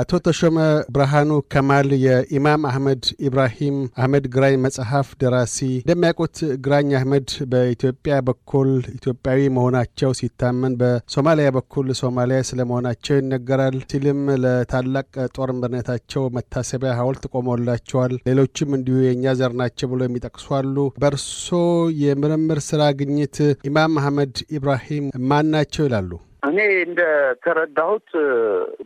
አቶ ተሾመ ብርሃኑ ከማል የኢማም አህመድ ኢብራሂም አህመድ ግራኝ መጽሐፍ ደራሲ፣ እንደሚያውቁት ግራኝ አህመድ በኢትዮጵያ በኩል ኢትዮጵያዊ መሆናቸው ሲታመን፣ በሶማሊያ በኩል ሶማሊያ ስለመሆናቸው ይነገራል። ሲልም ለታላቅ ጦር መሪነታቸው መታሰቢያ ሐውልት ቆሞላቸዋል። ሌሎችም እንዲሁ የእኛ ዘር ናቸው ብሎ የሚጠቅሱ አሉ። በእርሶ የምርምር ስራ ግኝት ኢማም አህመድ ኢብራሂም ማን ናቸው ይላሉ? እኔ እንደተረዳሁት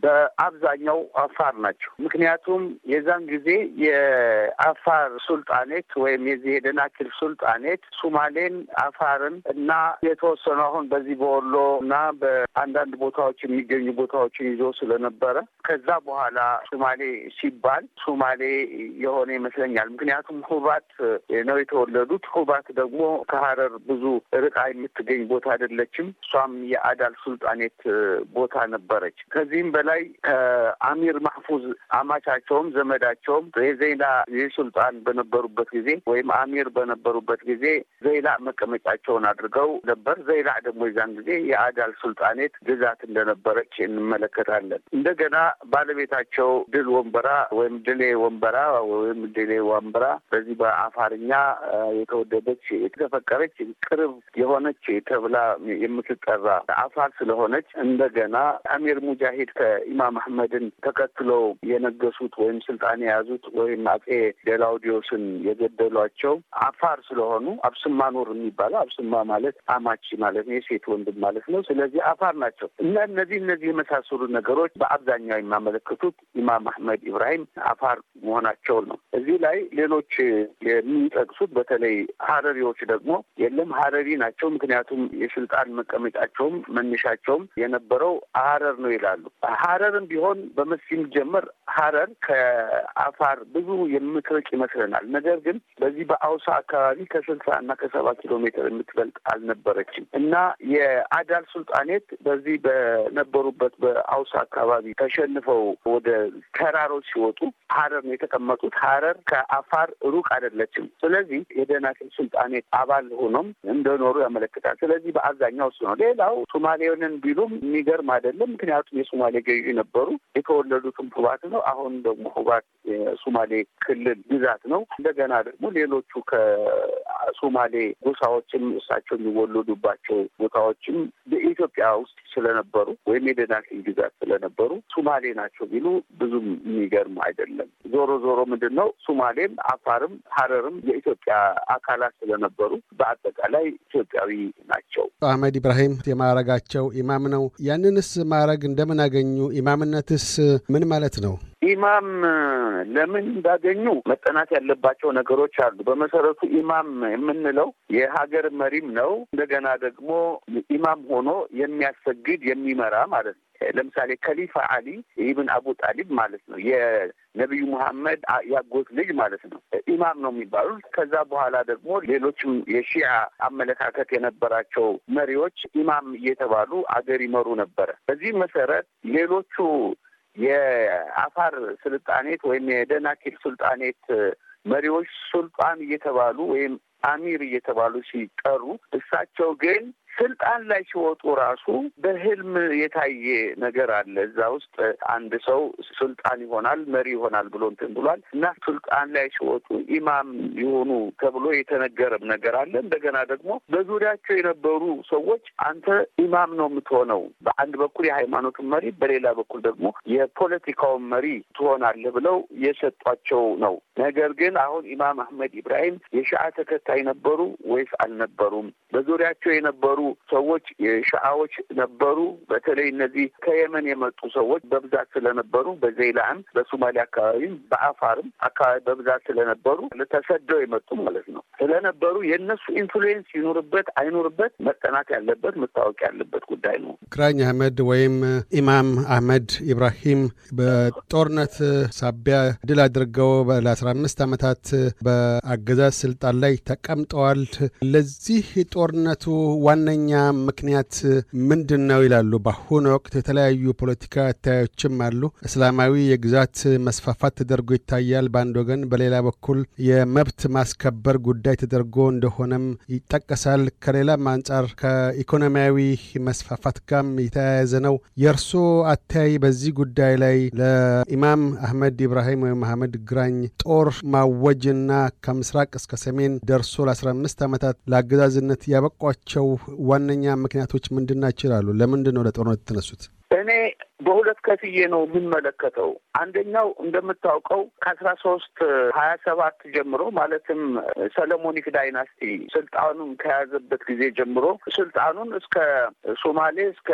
በአብዛኛው አፋር ናቸው። ምክንያቱም የዛን ጊዜ የአፋር ሱልጣኔት ወይም የዚህ የደናኪል ሱልጣኔት ሱማሌን፣ አፋርን እና የተወሰኑ አሁን በዚህ በወሎ እና በአንዳንድ ቦታዎች የሚገኙ ቦታዎችን ይዞ ስለነበረ ከዛ በኋላ ሱማሌ ሲባል ሱማሌ የሆነ ይመስለኛል። ምክንያቱም ሁባት ነው የተወለዱት። ሁባት ደግሞ ከሀረር ብዙ ርቃ የምትገኝ ቦታ አይደለችም። እሷም የአዳል ሱልጣ የነጻኔት ቦታ ነበረች። ከዚህም በላይ ከአሚር ማህፉዝ አማቻቸውም ዘመዳቸውም የዘይላ የሱልጣን በነበሩበት ጊዜ ወይም አሚር በነበሩበት ጊዜ ዘይላ መቀመጫቸውን አድርገው ነበር። ዘይላ ደግሞ የዛን ጊዜ የአዳል ሱልጣኔት ግዛት እንደነበረች እንመለከታለን። እንደገና ባለቤታቸው ድል ወንበራ ወይም ድሌ ወንበራ ወይም ድሌ ወንበራ በዚህ በአፋርኛ የተወደደች የተፈቀረች ቅርብ የሆነች ተብላ የምትጠራ አፋር ስለሆነ ስለሆነች እንደገና አሚር ሙጃሂድ ከኢማም አህመድን ተከትለው የነገሱት ወይም ስልጣን የያዙት ወይም አጼ ደላውዲዮስን የገደሏቸው አፋር ስለሆኑ አብስማ ኖር የሚባለው አብስማ ማለት አማቺ ማለት ነው፣ የሴት ወንድም ማለት ነው። ስለዚህ አፋር ናቸው እና እነዚህ እነዚህ የመሳሰሉ ነገሮች በአብዛኛው የሚያመለክቱት ኢማም አህመድ ኢብራሂም አፋር መሆናቸው ነው። እዚህ ላይ ሌሎች የሚጠቅሱት በተለይ ሀረሪዎች ደግሞ የለም ሀረሪ ናቸው፣ ምክንያቱም የስልጣን መቀመጫቸውም መነሻ ሲጠይቃቸውም የነበረው ሀረር ነው ይላሉ። ሀረርም ቢሆን በምስ ጀመር ሀረር ከአፋር ብዙ የምትርቅ ይመስለናል። ነገር ግን በዚህ በአውሳ አካባቢ ከስልሳ እና ከሰባ ኪሎ ሜትር የምትበልጥ አልነበረችም እና የአዳል ሱልጣኔት በዚህ በነበሩበት በአውሳ አካባቢ ተሸንፈው ወደ ተራሮች ሲወጡ ሀረር ነው የተቀመጡት። ሀረር ከአፋር ሩቅ አይደለችም። ስለዚህ የደናክል ሱልጣኔት አባል ሆኖም እንደኖሩ ያመለክታል። ስለዚህ በአብዛኛው እሱ ነው። ሌላው ሶማሌውን ይህንን ቢሉም የሚገርም አይደለም። ምክንያቱም የሶማሌ ገዢ ነበሩ። የተወለዱትም ሁባት ነው። አሁን ደግሞ ሁባት የሶማሌ ክልል ግዛት ነው። እንደገና ደግሞ ሌሎቹ ከሶማሌ ጎሳዎችም እሳቸው የሚወለዱባቸው ቦታዎችም በኢትዮጵያ ውስጥ ስለነበሩ ወይም የደናክል ግዛት ስለነበሩ ሶማሌ ናቸው ቢሉ ብዙም የሚገርም አይደለም። ዞሮ ዞሮ ምንድን ነው ሶማሌም፣ አፋርም፣ ሀረርም የኢትዮጵያ አካላት ስለነበሩ በአጠቃላይ ኢትዮጵያዊ ናቸው። አህመድ ኢብራሂም የማረጋቸው ኢማም ነው። ያንንስ ማዕረግ እንደምን አገኙ? ኢማምነትስ ምን ማለት ነው? ኢማም ለምን እንዳገኙ መጠናት ያለባቸው ነገሮች አሉ። በመሰረቱ ኢማም የምንለው የሀገር መሪም ነው። እንደገና ደግሞ ኢማም ሆኖ የሚያሰግድ የሚመራ ማለት ነው። ለምሳሌ ከሊፋ አሊ ኢብን አቡ ጣሊብ ማለት ነው። የነቢዩ መሐመድ ያጎት ልጅ ማለት ነው። ኢማም ነው የሚባሉት። ከዛ በኋላ ደግሞ ሌሎችም የሺአ አመለካከት የነበራቸው መሪዎች ኢማም እየተባሉ አገር ይመሩ ነበረ። በዚህ መሰረት ሌሎቹ የአፋር ስልጣኔት ወይም የደናኪል ስልጣኔት መሪዎች ሱልጣን እየተባሉ ወይም አሚር እየተባሉ ሲጠሩ እሳቸው ግን ስልጣን ላይ ሲወጡ ራሱ በህልም የታየ ነገር አለ። እዛ ውስጥ አንድ ሰው ስልጣን ይሆናል መሪ ይሆናል ብሎ እንትን ብሏል እና ስልጣን ላይ ሲወጡ ኢማም ይሆኑ ተብሎ የተነገረም ነገር አለ። እንደገና ደግሞ በዙሪያቸው የነበሩ ሰዎች አንተ ኢማም ነው የምትሆነው፣ በአንድ በኩል የሃይማኖቱን መሪ፣ በሌላ በኩል ደግሞ የፖለቲካውን መሪ ትሆናለህ ብለው የሰጧቸው ነው። ነገር ግን አሁን ኢማም አህመድ ኢብራሂም የሻአ ተከታ ተከታይ ነበሩ ወይስ አልነበሩም? በዙሪያቸው የነበሩ ሰዎች የሻአዎች ነበሩ። በተለይ እነዚህ ከየመን የመጡ ሰዎች በብዛት ስለነበሩ በዜላም በሶማሌ አካባቢም፣ በአፋርም አካባቢ በብዛት ስለነበሩ ተሰደው የመጡ ማለት ነው ስለነበሩ የእነሱ ኢንፍሉዌንስ ይኑርበት አይኑርበት መጠናት ያለበት መታወቅ ያለበት ጉዳይ ነው። ክራኝ አህመድ ወይም ኢማም አህመድ ኢብራሂም በጦርነት ሳቢያ ድል አድርገው ለአስራ አምስት ዓመታት በአገዛዝ ስልጣን ላይ ተቀምጠዋል። ለዚህ ጦርነቱ ዋነኛ ምክንያት ምንድን ነው ይላሉ። በአሁኑ ወቅት የተለያዩ ፖለቲካ አታዮችም አሉ። እስላማዊ የግዛት መስፋፋት ተደርጎ ይታያል በአንድ ወገን፣ በሌላ በኩል የመብት ማስከበር ጉዳይ ተደርጎ እንደሆነም ይጠቀሳል። ከሌላም አንጻር ከኢኮኖሚያዊ መስፋፋት ጋም የተያያዘ ነው። የእርሶ አተያይ በዚህ ጉዳይ ላይ ለኢማም አህመድ ኢብራሂም ወይም አህመድ ግራኝ ጦር ማወጅና ከምስራቅ እስከ ሰሜን ደርሶ እርሶ ለ15 ዓመታት ለአገዛዝነት ያበቋቸው ዋነኛ ምክንያቶች ምንድን ናቸው ይላሉ? ለምንድን ነው ለጦርነት የተነሱት? እኔ በሁለት ከፍዬ ነው የምንመለከተው። አንደኛው እንደምታውቀው ከአስራ ሶስት ሀያ ሰባት ጀምሮ ማለትም ሰለሞኒክ ዳይናስቲ ስልጣኑን ከያዘበት ጊዜ ጀምሮ ስልጣኑን እስከ ሶማሌ፣ እስከ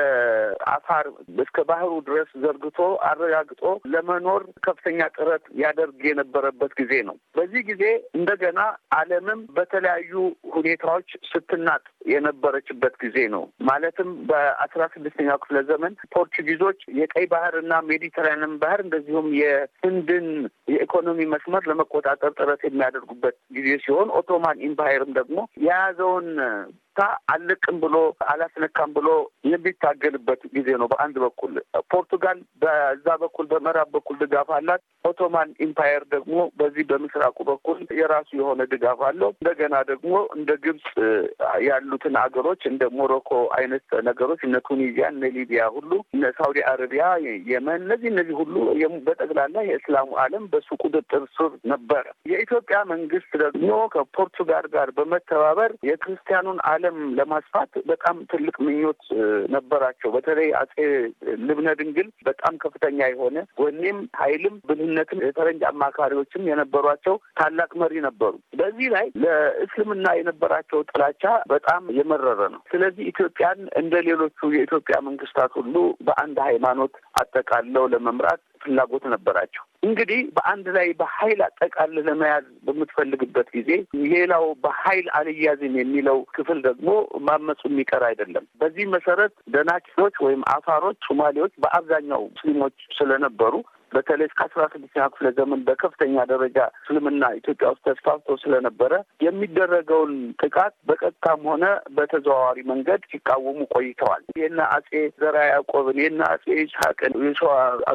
አፋር፣ እስከ ባህሩ ድረስ ዘርግቶ አረጋግጦ ለመኖር ከፍተኛ ጥረት ያደርግ የነበረበት ጊዜ ነው። በዚህ ጊዜ እንደገና ዓለምም በተለያዩ ሁኔታዎች ስትናጥ የነበረችበት ጊዜ ነው። ማለትም በአስራ ስድስተኛው ክፍለ ዘመን ፖርቹጊዞች የቀይ ባህር እና ሜዲተራኒያን ባህር እንደዚሁም የህንድን የኢኮኖሚ መስመር ለመቆጣጠር ጥረት የሚያደርጉበት ጊዜ ሲሆን ኦቶማን ኢምፓየርም ደግሞ የያዘውን ፖለቲካ አልቅም ብሎ አላስነካም ብሎ የሚታገልበት ጊዜ ነው። በአንድ በኩል ፖርቱጋል በዛ በኩል በምዕራብ በኩል ድጋፍ አላት። ኦቶማን ኢምፓየር ደግሞ በዚህ በምስራቁ በኩል የራሱ የሆነ ድጋፍ አለው። እንደገና ደግሞ እንደ ግብጽ ያሉትን አገሮች እንደ ሞሮኮ አይነት ነገሮች እነ ቱኒዚያ፣ እነ ሊቢያ ሁሉ እነ ሳውዲ አረቢያ፣ የመን እነዚህ እነዚህ ሁሉ በጠቅላላ የእስላሙ ዓለም በሱ ቁጥጥር ስር ነበረ። የኢትዮጵያ መንግስት ደግሞ ከፖርቱጋል ጋር በመተባበር የክርስቲያኑን ዓለም ዓለም ለማስፋት በጣም ትልቅ ምኞት ነበራቸው። በተለይ አጼ ልብነ ድንግል በጣም ከፍተኛ የሆነ ወኔም ኃይልም ብልህነትም የፈረንጅ አማካሪዎችም የነበሯቸው ታላቅ መሪ ነበሩ። በዚህ ላይ ለእስልምና የነበራቸው ጥላቻ በጣም የመረረ ነው። ስለዚህ ኢትዮጵያን እንደ ሌሎቹ የኢትዮጵያ መንግስታት ሁሉ በአንድ ሃይማኖት አጠቃለው ለመምራት ፍላጎት ነበራቸው። እንግዲህ በአንድ ላይ በኃይል አጠቃል ለመያዝ በምትፈልግበት ጊዜ ሌላው በኃይል አልያዝም የሚለው ክፍል ደግሞ ማመፁ የሚቀር አይደለም። በዚህ መሰረት ደናኪሎች ወይም አፋሮች፣ ሶማሌዎች በአብዛኛው ሙስሊሞች ስለነበሩ በተለይ እስከ አስራ ስድስተኛ ክፍለ ዘመን በከፍተኛ ደረጃ እስልምና ኢትዮጵያ ውስጥ ተስፋፍቶ ስለነበረ የሚደረገውን ጥቃት በቀጥታም ሆነ በተዘዋዋሪ መንገድ ሲቃወሙ ቆይተዋል። የነ አጼ ዘርዓ ያዕቆብን፣ የነ አጼ ይስሐቅን፣ የሸዋ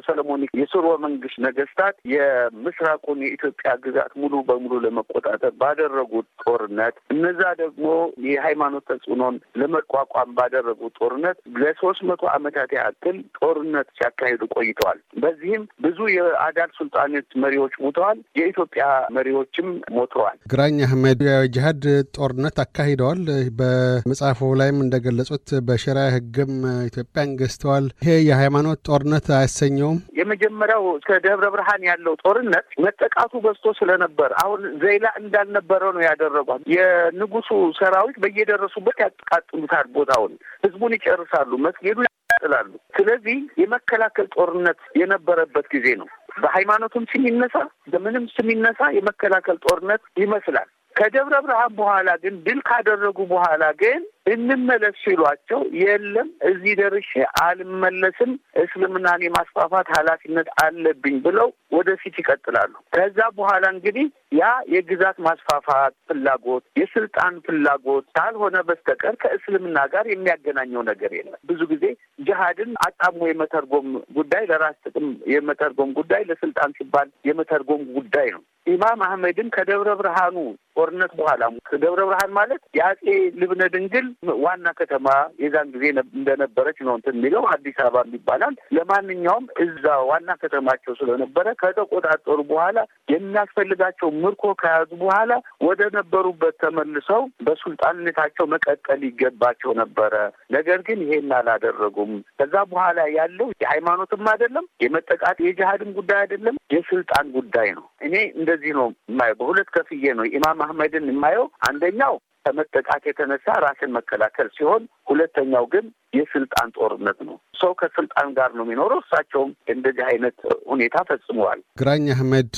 ሰለሞን፣ የስርወ መንግስት ነገስታት የምስራቁን የኢትዮጵያ ግዛት ሙሉ በሙሉ ለመቆጣጠር ባደረጉት ጦርነት እነዛ ደግሞ የሃይማኖት ተጽዕኖን ለመቋቋም ባደረጉት ጦርነት ለሶስት መቶ ዓመታት ያክል ጦርነት ሲያካሂዱ ቆይተዋል። በዚህም ብዙ የአዳል ሱልጣኖች መሪዎች ሙተዋል። የኢትዮጵያ መሪዎችም ሞተዋል። ግራኝ አህመድ የጅሀድ ጦርነት አካሂደዋል። በመጽሐፉ ላይም እንደገለጹት በሸሪያ ህግም ኢትዮጵያን ገዝተዋል። ይሄ የሃይማኖት ጦርነት አያሰኘውም። የመጀመሪያው እስከ ደብረ ብርሃን ያለው ጦርነት መጠቃቱ በዝቶ ስለነበር አሁን ዘይላ እንዳልነበረ ነው ያደረጓል። የንጉሱ ሰራዊት በየደረሱበት ያጥቃጥሉታል ቦታውን፣ ህዝቡን ይጨርሳሉ፣ መስጌዱ ይጥላሉ። ስለዚህ የመከላከል ጦርነት የነበረበት ጊዜ ነው። በሃይማኖትም ስሚነሳ በምንም ስሚነሳ የመከላከል ጦርነት ይመስላል። ከደብረ ብርሃን በኋላ ግን ድል ካደረጉ በኋላ ግን እንመለስ ሲሏቸው የለም እዚህ ደርሼ አልመለስም፣ እስልምናን የማስፋፋት ኃላፊነት አለብኝ ብለው ወደፊት ይቀጥላሉ። ከዛ በኋላ እንግዲህ ያ የግዛት ማስፋፋት ፍላጎት፣ የስልጣን ፍላጎት ካልሆነ በስተቀር ከእስልምና ጋር የሚያገናኘው ነገር የለም። ብዙ ጊዜ ጅሃድን አጣሞ የመተርጎም ጉዳይ፣ ለራስ ጥቅም የመተርጎም ጉዳይ፣ ለስልጣን ሲባል የመተርጎም ጉዳይ ነው። ኢማም አህመድም ከደብረ ብርሃኑ ጦርነት በኋላ ከደብረ ብርሃን ማለት የአጼ ልብነ ድንግል ዋና ከተማ የዛን ጊዜ እንደነበረች ነው እንትን የሚለው አዲስ አበባ ይባላል። ለማንኛውም እዛ ዋና ከተማቸው ስለነበረ ከተቆጣጠሩ በኋላ የሚያስፈልጋቸው ምርኮ ከያዙ በኋላ ወደ ነበሩበት ተመልሰው በሱልጣንነታቸው መቀጠል ይገባቸው ነበረ። ነገር ግን ይሄን አላደረጉም። ከዛ በኋላ ያለው የሃይማኖትም አይደለም የመጠቃት የጅሃድም ጉዳይ አይደለም፣ የስልጣን ጉዳይ ነው። እኔ እንደዚህ ነው የማየው። በሁለት ከፍዬ ነው ኢማም አህመድን የማየው። አንደኛው ከመጠቃት የተነሳ ራስን መከላከል ሲሆን፣ ሁለተኛው ግን የስልጣን ጦርነት ነው። ሰው ከስልጣን ጋር ነው የሚኖረው። እሳቸውም እንደዚህ አይነት ሁኔታ ፈጽመዋል። ግራኝ አህመድ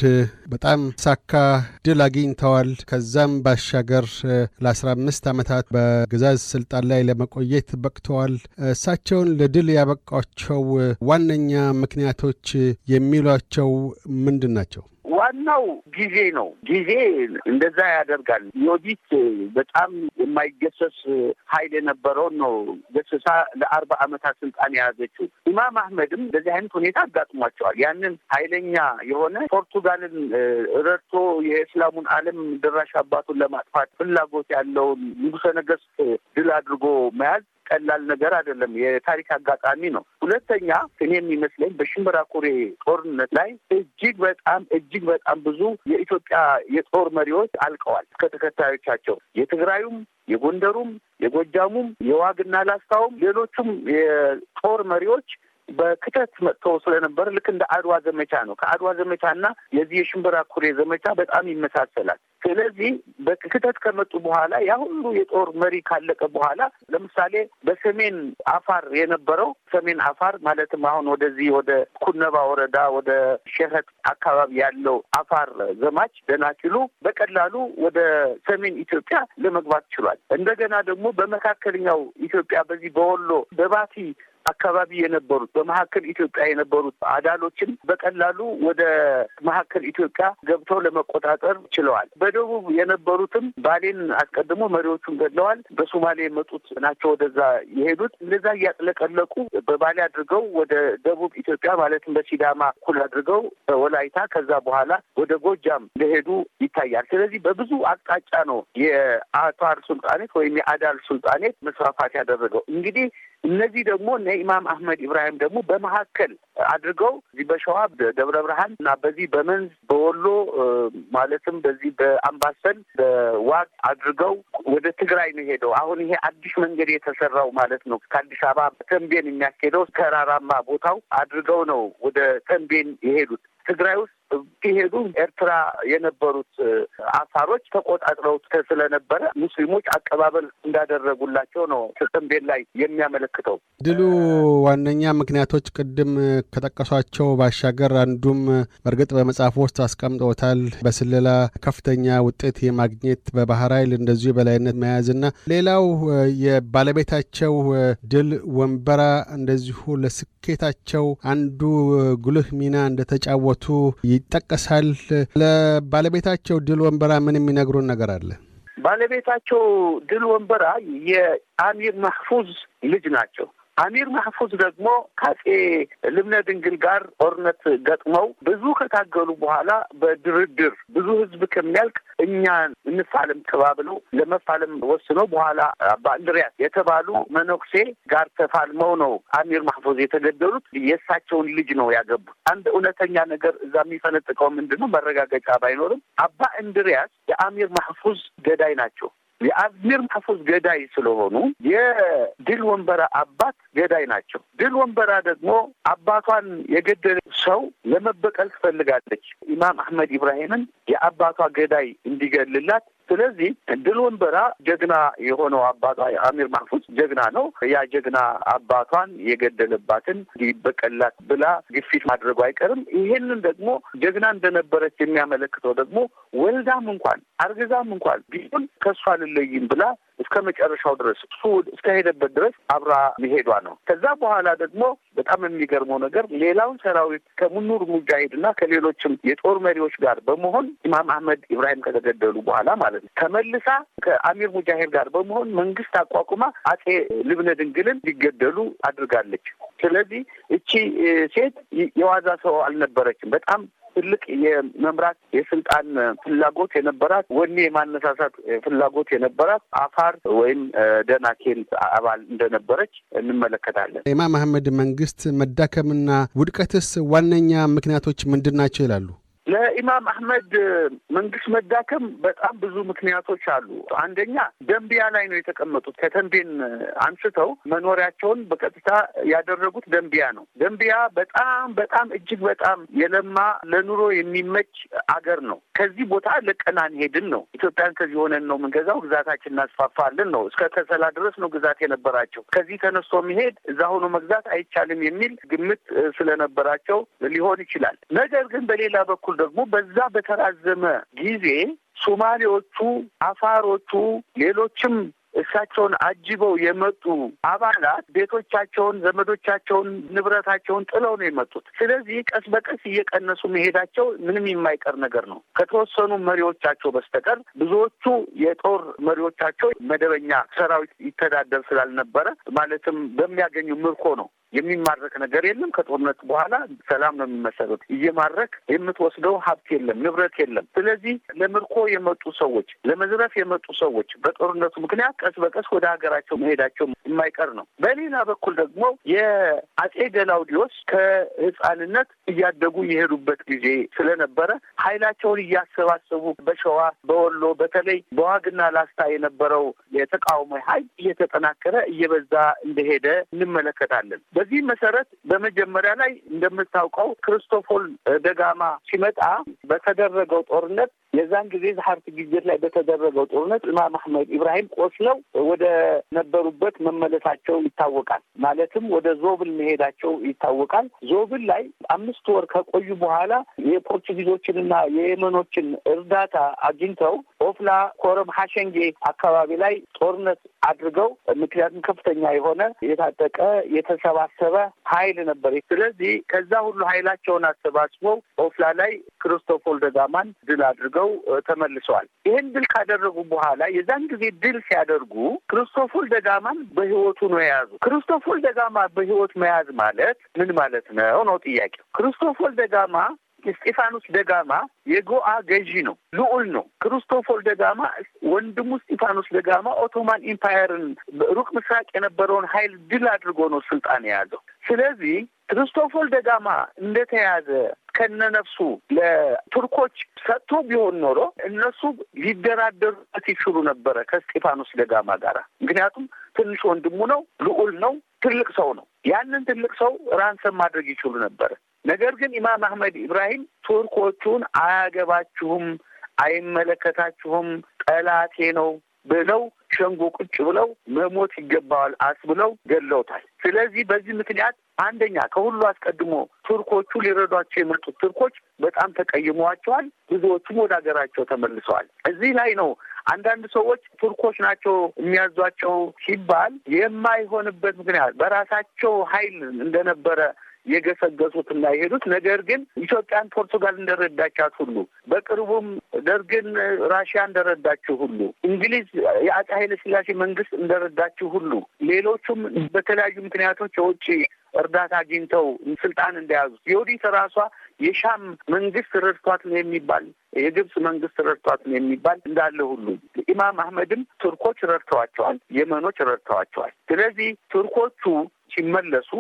በጣም ሳካ ድል አግኝተዋል። ከዛም ባሻገር ለአስራ አምስት ዓመታት በግዛዝ ስልጣን ላይ ለመቆየት በቅተዋል። እሳቸውን ለድል ያበቋቸው ዋነኛ ምክንያቶች የሚሏቸው ምንድን ናቸው? ዋናው ጊዜ ነው። ጊዜ እንደዛ ያደርጋል። ዮዲት በጣም የማይገሰስ ኃይል የነበረውን ነው ገስሳ ለአርባ ዓመታት ስልጣን የያዘችው። ኢማም አህመድም እንደዚህ አይነት ሁኔታ አጋጥሟቸዋል። ያንን ኃይለኛ የሆነ ፖርቱጋልን ረድቶ የእስላሙን ዓለም ድራሽ አባቱን ለማጥፋት ፍላጎት ያለውን ንጉሰ ነገስት ድል አድርጎ መያዝ ቀላል ነገር አይደለም። የታሪክ አጋጣሚ ነው። ሁለተኛ እኔ የሚመስለኝ በሽምብራ ኩሬ ጦርነት ላይ እጅግ በጣም እጅግ በጣም ብዙ የኢትዮጵያ የጦር መሪዎች አልቀዋል ከተከታዮቻቸው የትግራዩም የጎንደሩም የጎጃሙም የዋግና ላስታውም ሌሎቹም የጦር መሪዎች በክተት መጥተው ስለነበር ልክ እንደ አድዋ ዘመቻ ነው። ከአድዋ ዘመቻና የዚህ የሽምብራ ኩሬ ዘመቻ በጣም ይመሳሰላል። ስለዚህ በክተት ከመጡ በኋላ ያ ሁሉ የጦር መሪ ካለቀ በኋላ ለምሳሌ በሰሜን አፋር የነበረው ሰሜን አፋር ማለትም አሁን ወደዚህ ወደ ኩነባ ወረዳ ወደ ሸኸት አካባቢ ያለው አፋር ዘማች ደናችሉ በቀላሉ ወደ ሰሜን ኢትዮጵያ ለመግባት ችሏል። እንደገና ደግሞ በመካከለኛው ኢትዮጵያ በዚህ በወሎ በባቲ አካባቢ የነበሩት በመካከል ኢትዮጵያ የነበሩት አዳሎችን በቀላሉ ወደ መካከል ኢትዮጵያ ገብተው ለመቆጣጠር ችለዋል። በደቡብ የነበሩትም ባሌን አስቀድሞ መሪዎቹን ገድለዋል። በሶማሌ የመጡት ናቸው ወደዛ የሄዱት። እንደዛ እያጥለቀለቁ በባሌ አድርገው ወደ ደቡብ ኢትዮጵያ ማለትም በሲዳማ ኩል አድርገው ወላይታ፣ ከዛ በኋላ ወደ ጎጃም እንደሄዱ ይታያል። ስለዚህ በብዙ አቅጣጫ ነው የአቷር ሱልጣኔት ወይም የአዳል ሱልጣኔት መስፋፋት ያደረገው እንግዲህ እነዚህ ደግሞ እነ ኢማም አህመድ ኢብራሂም ደግሞ በመካከል አድርገው እዚህ በሸዋ ደብረ ብርሃን እና በዚህ በመንዝ በወሎ ማለትም በዚህ በአምባሰል በዋግ አድርገው ወደ ትግራይ ነው ሄደው አሁን ይሄ አዲስ መንገድ የተሰራው ማለት ነው ከአዲስ አበባ ተንቤን የሚያስኬደው ተራራማ ቦታው አድርገው ነው ወደ ተንቤን የሄዱት ትግራይ ውስጥ ሲሄዱ ኤርትራ የነበሩት አፋሮች ተቆጣጥረው ስለነበረ ሙስሊሞች አቀባበል እንዳደረጉላቸው ነው ጥቅምቤን ላይ የሚያመለክተው። ድሉ ዋነኛ ምክንያቶች ቅድም ከጠቀሷቸው ባሻገር አንዱም በእርግጥ በመጽሐፍ ውስጥ አስቀምጦታል። በስለላ ከፍተኛ ውጤት የማግኘት በባህር ኃይል እንደዚሁ የበላይነት መያዝና ሌላው የባለቤታቸው ድል ወንበራ እንደዚሁ ለስኬታቸው አንዱ ጉልህ ሚና እንደተጫወቱ ይጠቀሳል። ለባለቤታቸው ድል ወንበራ ምን የሚነግሩን ነገር አለ? ባለቤታቸው ድል ወንበራ የአሚር ማህፉዝ ልጅ ናቸው። አሚር ማህፉዝ ደግሞ ከአጼ ልብነ ድንግል ጋር ጦርነት ገጥመው ብዙ ከታገሉ በኋላ በድርድር ብዙ ህዝብ ከሚያልቅ እኛ እንፋለም ተባብለው ለመፋለም ወስነው በኋላ አባ እንድሪያስ የተባሉ መነኩሴ ጋር ተፋልመው ነው አሚር ማህፉዝ የተገደሉት። የእሳቸውን ልጅ ነው ያገቡት። አንድ እውነተኛ ነገር እዛ የሚፈነጥቀው ምንድን ነው መረጋገጫ ባይኖርም አባ እንድሪያስ የአሚር ማህፉዝ ገዳይ ናቸው። የአዝሚር መሐፉዝ ገዳይ ስለሆኑ የድል ወንበራ አባት ገዳይ ናቸው። ድል ወንበራ ደግሞ አባቷን የገደለ ሰው ለመበቀል ትፈልጋለች። ኢማም አህመድ ኢብራሂምን የአባቷ ገዳይ እንዲገልላት ስለዚህ ድል ወንበራ ጀግና የሆነው አባቷ አሚር ማህፉዝ ጀግና ነው። ያ ጀግና አባቷን የገደለባትን ይበቀላት ብላ ግፊት ማድረጉ አይቀርም። ይሄንን ደግሞ ጀግና እንደነበረች የሚያመለክተው ደግሞ ወልዳም እንኳን አርግዛም እንኳን ቢሆን ከሷ አልለይም ብላ እስከ መጨረሻው ድረስ እሱ እስከሄደበት ድረስ አብራ መሄዷ ነው። ከዛ በኋላ ደግሞ በጣም የሚገርመው ነገር ሌላውን ሰራዊት ከሙኑር ሙጃሂድ እና ከሌሎችም የጦር መሪዎች ጋር በመሆን ኢማም አህመድ ኢብራሂም ከተገደሉ በኋላ ማለት ነው ተመልሳ ከአሚር ሙጃሂድ ጋር በመሆን መንግስት አቋቁማ አጼ ልብነ ድንግልን ሊገደሉ አድርጋለች። ስለዚህ እቺ ሴት የዋዛ ሰው አልነበረችም። በጣም ትልቅ የመምራት የስልጣን ፍላጎት የነበራት ወኔ የማነሳሳት ፍላጎት የነበራት አፋር ወይም ደናኬል አባል እንደነበረች እንመለከታለን። ኢማም አህመድ መንግስት መዳከምና ውድቀትስ ዋነኛ ምክንያቶች ምንድን ናቸው ይላሉ? ለኢማም አህመድ መንግስት መዳከም በጣም ብዙ ምክንያቶች አሉ። አንደኛ ደንቢያ ላይ ነው የተቀመጡት። ከተንቤን አንስተው መኖሪያቸውን በቀጥታ ያደረጉት ደንቢያ ነው። ደንቢያ በጣም በጣም እጅግ በጣም የለማ ለኑሮ የሚመች አገር ነው። ከዚህ ቦታ ለቀን አንሄድን ነው። ኢትዮጵያን ከዚህ ሆነን ነው የምንገዛው፣ ግዛታችን እናስፋፋለን ነው። እስከ ከሰላ ድረስ ነው ግዛት የነበራቸው። ከዚህ ተነስቶ መሄድ እዛ ሆኖ መግዛት አይቻልም የሚል ግምት ስለነበራቸው ሊሆን ይችላል። ነገር ግን በሌላ በኩል ደግሞ በዛ በተራዘመ ጊዜ ሶማሌዎቹ፣ አፋሮቹ፣ ሌሎችም እሳቸውን አጅበው የመጡ አባላት ቤቶቻቸውን፣ ዘመዶቻቸውን፣ ንብረታቸውን ጥለው ነው የመጡት። ስለዚህ ቀስ በቀስ እየቀነሱ መሄዳቸው ምንም የማይቀር ነገር ነው። ከተወሰኑ መሪዎቻቸው በስተቀር ብዙዎቹ የጦር መሪዎቻቸው መደበኛ ሰራዊት ይተዳደር ስላልነበረ ማለትም በሚያገኙ ምርኮ ነው የሚማረክ ነገር የለም። ከጦርነት በኋላ ሰላም ነው የሚመሰረት። እየማረክ የምትወስደው ሀብት የለም፣ ንብረት የለም። ስለዚህ ለምርኮ የመጡ ሰዎች፣ ለመዝረፍ የመጡ ሰዎች በጦርነቱ ምክንያት ቀስ በቀስ ወደ ሀገራቸው መሄዳቸው የማይቀር ነው። በሌላ በኩል ደግሞ የአጼ ገላውዲዮስ ከህፃንነት እያደጉ የሄዱበት ጊዜ ስለነበረ ኃይላቸውን እያሰባሰቡ በሸዋ በወሎ በተለይ በዋግና ላስታ የነበረው የተቃውሞ ኃይል እየተጠናከረ እየበዛ እንደሄደ እንመለከታለን። በዚህ መሰረት በመጀመሪያ ላይ እንደምታውቀው ክርስቶፎል ደጋማ ሲመጣ በተደረገው ጦርነት የዛን ጊዜ ዛሀርቲ ጊዜት ላይ በተደረገው ጦርነት ኢማም አህመድ ኢብራሂም ቆስለው ወደ ነበሩበት መመለሳቸው ይታወቃል። ማለትም ወደ ዞብል መሄዳቸው ይታወቃል። ዞብል ላይ አምስት ወር ከቆዩ በኋላ የፖርቹጊዞችንና የየመኖችን እርዳታ አግኝተው ኦፍላ ኮረም ሀሸንጌ አካባቢ ላይ ጦርነት አድርገው ምክንያቱም ከፍተኛ የሆነ የታጠቀ የተሰባሰበ ኃይል ነበር። ስለዚህ ከዛ ሁሉ ኃይላቸውን አሰባስበው ኦፍላ ላይ ክርስቶፎል ደጋማን ድል አድርገው ተመልሰው ተመልሰዋል። ይህን ድል ካደረጉ በኋላ የዛን ጊዜ ድል ሲያደርጉ ክርስቶፉል ደጋማን በህይወቱ ነው የያዙ። ክርስቶፉል ደጋማ በህይወት መያዝ ማለት ምን ማለት ነው ነው ጥያቄው። ክርስቶፎል ደጋማ እስጢፋኖስ ደጋማ የጎአ ገዢ ነው፣ ልዑል ነው። ክርስቶፎር ደጋማ ወንድሙ እስጢፋኖስ ደጋማ ኦቶማን ኢምፓየርን ሩቅ ምስራቅ የነበረውን ኃይል ድል አድርጎ ነው ስልጣን የያዘው። ስለዚህ ክርስቶፎር ደጋማ እንደተያዘ ከነነፍሱ ለቱርኮች ሰጥቶ ቢሆን ኖሮ እነሱ ሊደራደሩበት ይችሉ ነበረ ከእስጢፋኖስ ደጋማ ጋራ። ምክንያቱም ትንሽ ወንድሙ ነው፣ ልዑል ነው፣ ትልቅ ሰው ነው። ያንን ትልቅ ሰው ራንሰም ማድረግ ይችሉ ነበረ። ነገር ግን ኢማም አህመድ ኢብራሂም ቱርኮቹን አያገባችሁም፣ አይመለከታችሁም፣ ጠላቴ ነው ብለው ሸንጎ ቁጭ ብለው መሞት ይገባዋል አስብለው ገለውታል። ስለዚህ በዚህ ምክንያት አንደኛ ከሁሉ አስቀድሞ ቱርኮቹ ሊረዷቸው የመጡት ቱርኮች በጣም ተቀይመዋቸዋል። ብዙዎቹም ወደ ሀገራቸው ተመልሰዋል። እዚህ ላይ ነው አንዳንድ ሰዎች ቱርኮች ናቸው የሚያዟቸው ሲባል የማይሆንበት ምክንያት በራሳቸው ኃይል እንደነበረ የገሰገሱትና የሄዱት ነገር ግን ኢትዮጵያን ፖርቱጋል እንደረዳቻት ሁሉ በቅርቡም ደርግን ራሽያ እንደረዳችው ሁሉ እንግሊዝ የአፄ ኃይለ ሥላሴ መንግስት እንደረዳችው ሁሉ ሌሎቹም በተለያዩ ምክንያቶች የውጭ እርዳታ አግኝተው ስልጣን እንደያዙ የወዲት ራሷ የሻም መንግስት ረድቷት ነው የሚባል የግብጽ መንግስት ረድቷት ነው የሚባል እንዳለ ሁሉ ኢማም አህመድም ቱርኮች ረድተዋቸዋል፣ የመኖች ረድተዋቸዋል። ስለዚህ ቱርኮቹ ሲመለሱ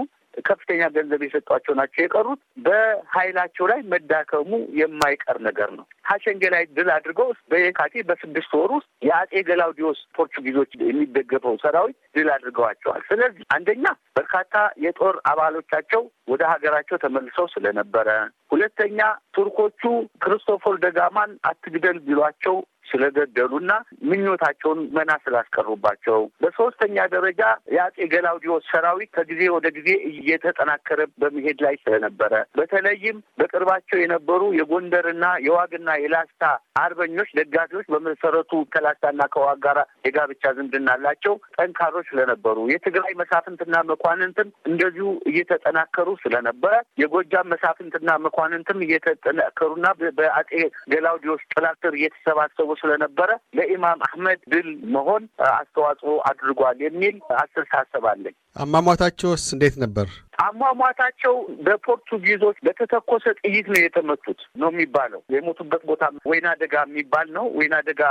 ከፍተኛ ገንዘብ የሰጧቸው ናቸው የቀሩት። በኃይላቸው ላይ መዳከሙ የማይቀር ነገር ነው። ሀሸንጌ ላይ ድል አድርገው በየካቲት በስድስት ወር ውስጥ የአጼ ገላውዲዮስ ፖርቹጊዞች የሚደገፈው ሰራዊት ድል አድርገዋቸዋል። ስለዚህ አንደኛ በርካታ የጦር አባሎቻቸው ወደ ሀገራቸው ተመልሰው ስለነበረ፣ ሁለተኛ ቱርኮቹ ክርስቶፎር ደጋማን አትግደል ቢሏቸው ስለገደሉና ምኞታቸውን መና ስላስቀሩባቸው፣ በሶስተኛ ደረጃ የአጼ ገላውዲዮስ ሰራዊት ከጊዜ ወደ ጊዜ እየተጠናከረ በመሄድ ላይ ስለነበረ በተለይም በቅርባቸው የነበሩ የጎንደርና የዋግና የላስታ አርበኞች ደጋፊዎች በመሰረቱ ከላስታና ከዋግ ጋር የጋብቻ ዝምድና አላቸው ጠንካሮች ስለነበሩ፣ የትግራይ መሳፍንትና መኳንንትም እንደዚሁ እየተጠናከሩ ስለነበረ የጎጃም መሳፍንትና መኳንንትም እየተጠናከሩና በአጼ ገላውዲዮስ ጥላ ስር እየተሰባሰቡ ስለነበረ ለኢማም አህመድ ድል መሆን አስተዋጽኦ አድርጓል የሚል አስተሳሰብ አለኝ። አሟሟታቸውስ እንዴት ነበር? አሟሟታቸው በፖርቱጊዞች በተተኮሰ ጥይት ነው የተመቱት ነው የሚባለው። የሞቱበት ቦታ ወይና ደጋ የሚባል ነው። ወይና ደጋ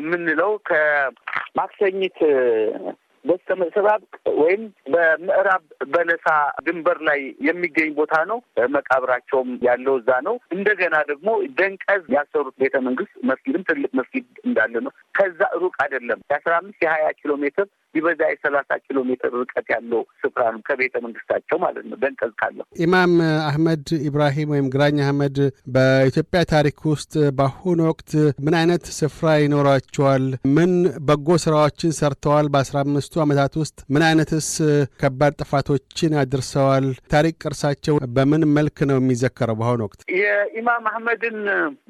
የምንለው ከማክሰኝት በስተ ምዕራብ ወይም በምዕራብ በለሳ ድንበር ላይ የሚገኝ ቦታ ነው። መቃብራቸውም ያለው እዛ ነው። እንደገና ደግሞ ደንቀዝ ያሰሩት ቤተ መንግስት መስጊድም ትልቅ መስጊድ እንዳለ ነው። ከዛ ሩቅ አይደለም። የአስራ አምስት የሀያ ኪሎ ሜትር ቢበዛ የሰላሳ ኪሎ ሜትር ርቀት ያለው ስፍራ ነው ከቤተ መንግስታቸው ማለት ነው። በንቀዝ ካለው ኢማም አህመድ ኢብራሂም ወይም ግራኝ አህመድ በኢትዮጵያ ታሪክ ውስጥ በአሁኑ ወቅት ምን አይነት ስፍራ ይኖራቸዋል? ምን በጎ ስራዎችን ሰርተዋል? በአስራ አምስቱ ዓመታት ውስጥ ምን አይነትስ ከባድ ጥፋቶችን አድርሰዋል? ታሪክ ቅርሳቸው በምን መልክ ነው የሚዘከረው? በአሁኑ ወቅት የኢማም አህመድን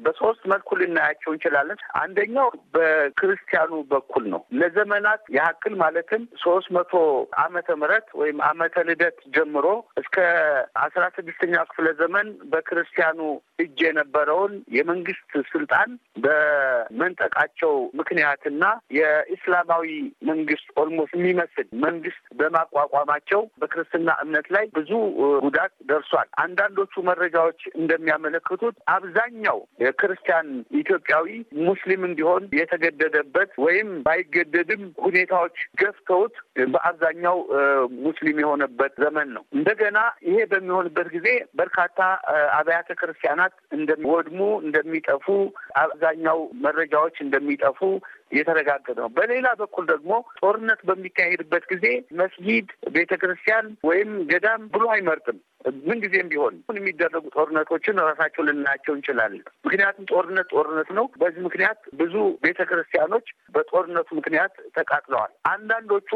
በሶስት መልኩ ልናያቸው እንችላለን። አንደኛው በክርስቲያኑ በኩል ነው። ለዘመናት የሀክል ማለትም ሶስት መቶ አመተ ምህረት ወይም አመተ ልደት ጀምሮ እስከ አስራ ስድስተኛው ክፍለ ዘመን በክርስቲያኑ እጅ የነበረውን የመንግስት ስልጣን በመንጠቃቸው ምክንያትና የኢስላማዊ መንግስት ኦልሞስት የሚመስል መንግስት በማቋቋማቸው በክርስትና እምነት ላይ ብዙ ጉዳት ደርሷል። አንዳንዶቹ መረጃዎች እንደሚያመለክቱት አብዛኛው የክርስቲያን ኢትዮጵያዊ ሙስሊም እንዲሆን የተገደደበት ወይም ባይገደድም ሁኔታዎች ገፍተውት በአብዛኛው ሙስሊም የሆነበት ዘመን ነው። እንደገና ይሄ በሚሆንበት ጊዜ በርካታ አብያተ ክርስቲያናት እንደሚወድሙ እንደሚጠፉ፣ አብዛኛው መረጃዎች እንደሚጠፉ የተረጋገጠ ነው። በሌላ በኩል ደግሞ ጦርነት በሚካሄድበት ጊዜ መስጊድ፣ ቤተ ክርስቲያን ወይም ገዳም ብሎ አይመርጥም። ምን ጊዜም ቢሆን የሚደረጉ ጦርነቶችን ራሳቸው ልናያቸው እንችላለን። ምክንያቱም ጦርነት ጦርነት ነው። በዚህ ምክንያት ብዙ ቤተ ክርስቲያኖች በጦርነቱ ምክንያት ተቃጥለዋል። አንዳንዶቹ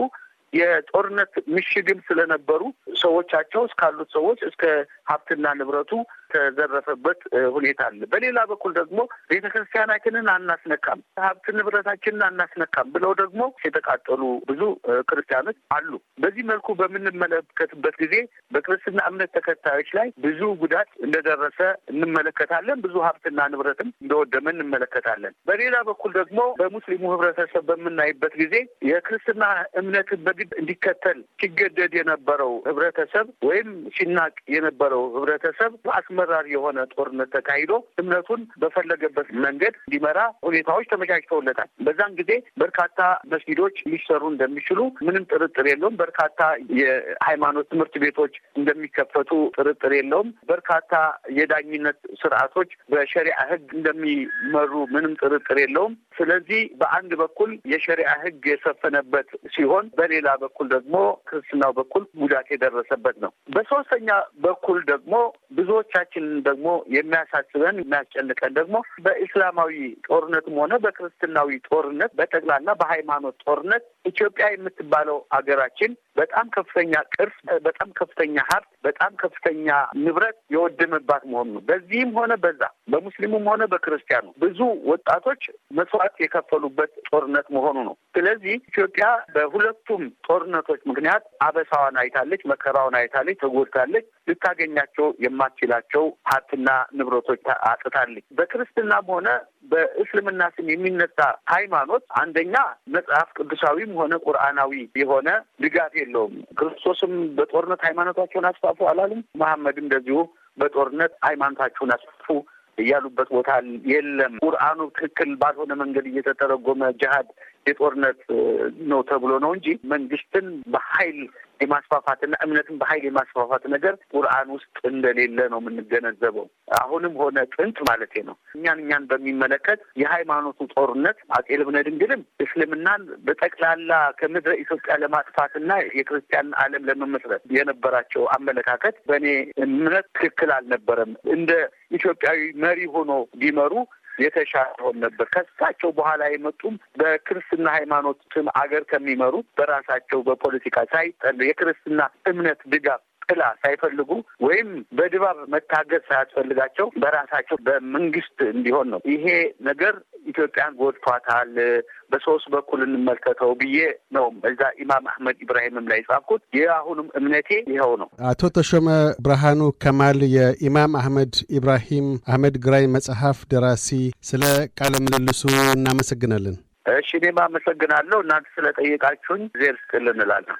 የጦርነት ምሽግም ስለነበሩ ሰዎቻቸው እስካሉት ሰዎች እስከ ሀብትና ንብረቱ ተዘረፈበት ሁኔታ አለ። በሌላ በኩል ደግሞ ቤተ ክርስቲያናችንን አናስነካም፣ ሀብት ንብረታችንን አናስነካም ብለው ደግሞ የተቃጠሉ ብዙ ክርስቲያኖች አሉ። በዚህ መልኩ በምንመለከትበት ጊዜ በክርስትና እምነት ተከታዮች ላይ ብዙ ጉዳት እንደደረሰ እንመለከታለን። ብዙ ሀብትና ንብረትም እንደወደመ እንመለከታለን። በሌላ በኩል ደግሞ በሙስሊሙ ህብረተሰብ በምናይበት ጊዜ የክርስትና እምነትን በግድ እንዲከተል ሲገደድ የነበረው ህብረተሰብ ወይም ሲናቅ የነበረው ህብረተሰብ አስመራር የሆነ ጦርነት ተካሂዶ እምነቱን በፈለገበት መንገድ እንዲመራ ሁኔታዎች ተመቻችተውለታል። በዛን ጊዜ በርካታ መስጊዶች ሊሰሩ እንደሚችሉ ምንም ጥርጥር የለውም። በርካታ የሃይማኖት ትምህርት ቤቶች እንደሚከፈቱ ጥርጥር የለውም። በርካታ የዳኝነት ስርዓቶች በሸሪዓ ህግ እንደሚመሩ ምንም ጥርጥር የለውም። ስለዚህ በአንድ በኩል የሸሪዓ ህግ የሰፈነበት ሲሆን፣ በሌላ በኩል ደግሞ ክርስትናው በኩል ጉዳት የደረሰበት ነው። በሶስተኛ በኩል ደግሞ ብዙዎች ሁላችንን ደግሞ የሚያሳስበን የሚያስጨንቀን ደግሞ በእስላማዊ ጦርነትም ሆነ በክርስትናዊ ጦርነት በጠቅላላ በሃይማኖት ጦርነት ኢትዮጵያ የምትባለው ሀገራችን በጣም ከፍተኛ ቅርስ፣ በጣም ከፍተኛ ሀብት፣ በጣም ከፍተኛ ንብረት የወደመባት መሆኑ ነው። በዚህም ሆነ በዛ በሙስሊሙም ሆነ በክርስቲያኑ ብዙ ወጣቶች መስዋዕት የከፈሉበት ጦርነት መሆኑ ነው። ስለዚህ ኢትዮጵያ በሁለቱም ጦርነቶች ምክንያት አበሳዋን አይታለች፣ መከራዋን አይታለች፣ ተጎድታለች። ልታገኛቸው የማትችላቸው ሀብትና ንብረቶች አጥታለች። በክርስትናም ሆነ በእስልምና ስም የሚነሳ ሃይማኖት አንደኛ መጽሐፍ ቅዱሳዊም ሆነ ቁርአናዊ የሆነ ድጋፍ የለውም። ክርስቶስም በጦርነት ሃይማኖታቸውን አስፋፉ አላለም መሐመድ እንደዚሁ በጦርነት ሃይማኖታቸውን አስፋፉ እያሉበት ቦታ የለም። ቁርአኑ ትክክል ባልሆነ መንገድ እየተተረጎመ ጅሀድ የጦርነት ነው ተብሎ ነው እንጂ መንግስትን በሀይል የማስፋፋትና እምነትን በኃይል የማስፋፋት ነገር ቁርአን ውስጥ እንደሌለ ነው የምንገነዘበው። አሁንም ሆነ ጥንት ማለት ነው። እኛን እኛን በሚመለከት የሃይማኖቱ ጦርነት አጼ ልብነ ድንግልም እስልምናን በጠቅላላ ከምድረ ኢትዮጵያ ለማጥፋትና የክርስቲያን ዓለም ለመመስረት የነበራቸው አመለካከት በእኔ እምነት ትክክል አልነበረም። እንደ ኢትዮጵያዊ መሪ ሆኖ ቢመሩ የተሻለውን ነበር። ከሳቸው በኋላ የመጡም በክርስትና ሃይማኖት ስም አገር ከሚመሩ በራሳቸው በፖለቲካ ሳይጠ የክርስትና እምነት ድጋፍ ጥላ ሳይፈልጉ ወይም በድባብ መታገዝ ሳያስፈልጋቸው በራሳቸው በመንግስት እንዲሆን ነው። ይሄ ነገር ኢትዮጵያን ጎድቷታል፣ በሶስት በኩል እንመልከተው ብዬ ነው እዛ ኢማም አህመድ ኢብራሂምም ላይ ጻፍኩት። ይህ አሁንም እምነቴ ይኸው ነው። አቶ ተሾመ ብርሃኑ ከማል የኢማም አህመድ ኢብራሂም አህመድ ግራኝ መጽሐፍ ደራሲ፣ ስለ ቃለ ምልልሱ እናመሰግናለን። እሺ እኔም አመሰግናለሁ። እናንተ ስለጠየቃችሁኝ ዜር ስጥል እንላለን።